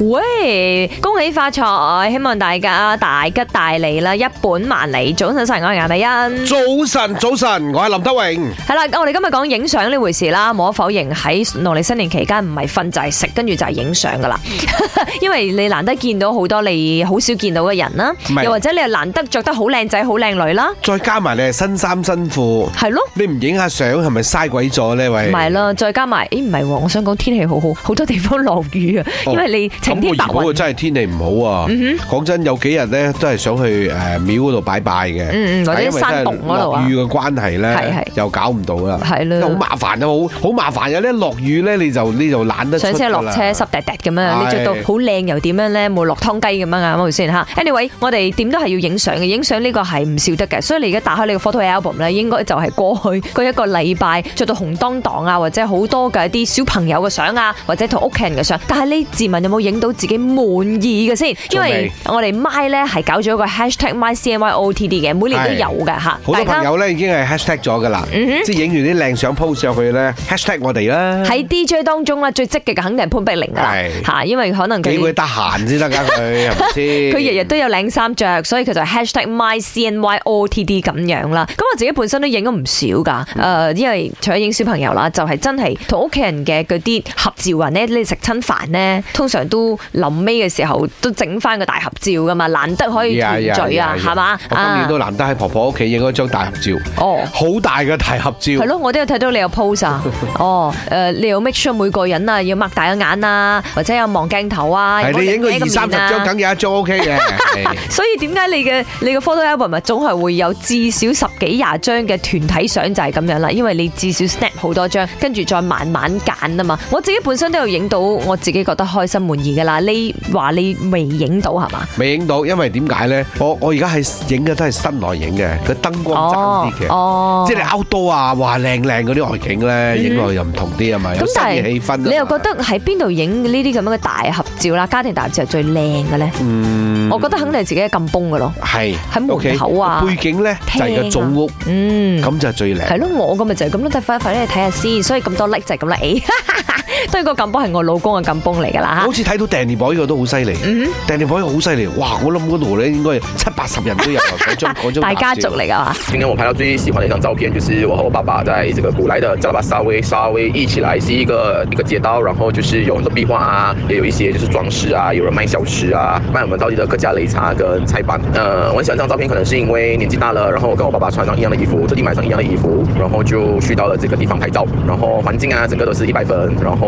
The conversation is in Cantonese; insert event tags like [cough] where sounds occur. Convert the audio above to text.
喂，恭喜發財，希望大家大吉大利啦，一本萬利。早晨，晒我係顏美恩。早晨，早晨，我係林德榮。係啦，我哋今日講影相呢回事啦。冇可否認喺農曆新年期間，唔係瞓就係、是、食，跟住就係影相噶啦。 [laughs] 因為你難得見到好多你好少見到嘅人啦，是又或者你又難得着得好靚仔好靚女啦。再加埋你係新衫新褲，係咯，你唔影下相係咪嘥鬼咗呢位唔係咯，再加埋，誒唔係，我想講天氣好好，好多地方落雨啊，因為你。咁我如果真係天氣唔好啊，講真有幾日咧，都係想去誒廟嗰度拜拜嘅，或者山洞嗰度啊，因為真係落雨嘅關係咧，又搞唔到啦，好麻煩嘅，好好麻煩嘅。一落雨咧，你就你就懶得上車落車，濕掟掟咁樣，你著到好靚又點樣咧，冇落湯雞咁樣啊，咁先嚇。Anyway，我哋點都係要影相嘅，影相呢個係唔少得嘅，所以你而家打開你個 photo album 咧，應該就係過去嗰一個禮拜著到紅當當啊，或者好多嘅一啲小朋友嘅相啊，或者同屋企人嘅相。但係你自問有冇影？到自己滿意嘅先，因為我哋 my 咧，係搞咗個 hashtag my cny o t d 嘅，每年都有嘅吓，好多朋友咧已經係 hashtag 咗嘅啦，即係影完啲靚相 post 落去咧 hashtag 我哋啦。喺 D J 當中咧最積極嘅肯定係潘碧玲啦，吓是，因為可能佢幾會得閒先得噶，佢係咪先？佢日日都有領衫着，所以佢就 hashtag my cny o t d 咁樣啦。咁我自己本身都影咗唔少噶，誒、呃，因為除咗影小朋友啦，就係、是、真係同屋企人嘅嗰啲合照啊，咧咧食親飯咧，通常都。臨尾嘅時候都整翻個大合照噶嘛，難得可以聚啊，係嘛？我今年都難得喺婆婆屋企影咗張大合照，哦，好大嘅大合照。係咯，我都有睇到你有 pose 啊。哦，誒，你有 make sure 每個人啊，要擘大個眼啊，或者有望鏡頭啊，你影咗二三十張梗有一張 OK 嘅。所以點解你嘅你嘅 photo album 總係會有至少十幾廿張嘅團體相就係咁樣啦，因為你至少 snap 好多張，跟住再慢慢揀啊嘛。我自己本身都有影到我自己覺得開心滿意。嘅啦，你話你未影到係嘛？未影到，因為點解咧？我我而家係影嘅都係室內影嘅，個燈光差啲嘅，哦，即係你凹多啊，話靚靚嗰啲外景咧，影落又唔同啲啊嘛，咁但係氣氛，你又覺得喺邊度影呢啲咁樣嘅大合照啦，家庭大合照係最靚嘅咧？嗯，我覺得肯定係自己喺金崩嘅咯，係喺門口啊，背景咧就係個祖屋，嗯，咁就最靚，係咯，我咁咪就係咁咯，睇翻翻嚟，睇下先，所以咁多叻就係咁啦，誒。都係、那個錦繃，係我老公嘅錦繃嚟噶啦。好似睇到 Danny Boy 呢個都好犀利。Danny Boy 好犀利，哇！我諗嗰度咧應該七八十人都有。 [laughs] 大家族嚟啊嘛。今天我拍到最喜歡嘅一張照片，就是我和我爸爸在這個古萊的，加拉巴沙威。沙威一起來，是一個一個街道，然後就是有很多壁畫啊，也有一些就是裝飾啊，有人賣小吃啊，賣我們當地嘅客家擂茶跟菜粄。呃、uh，我很喜歡這張照片，可能是因為年紀大了，然後跟我爸爸穿上一樣的衣服，特地買上一樣的衣服，然後就去到了這個地方拍照，然後環境啊，整個都是一百分，然後。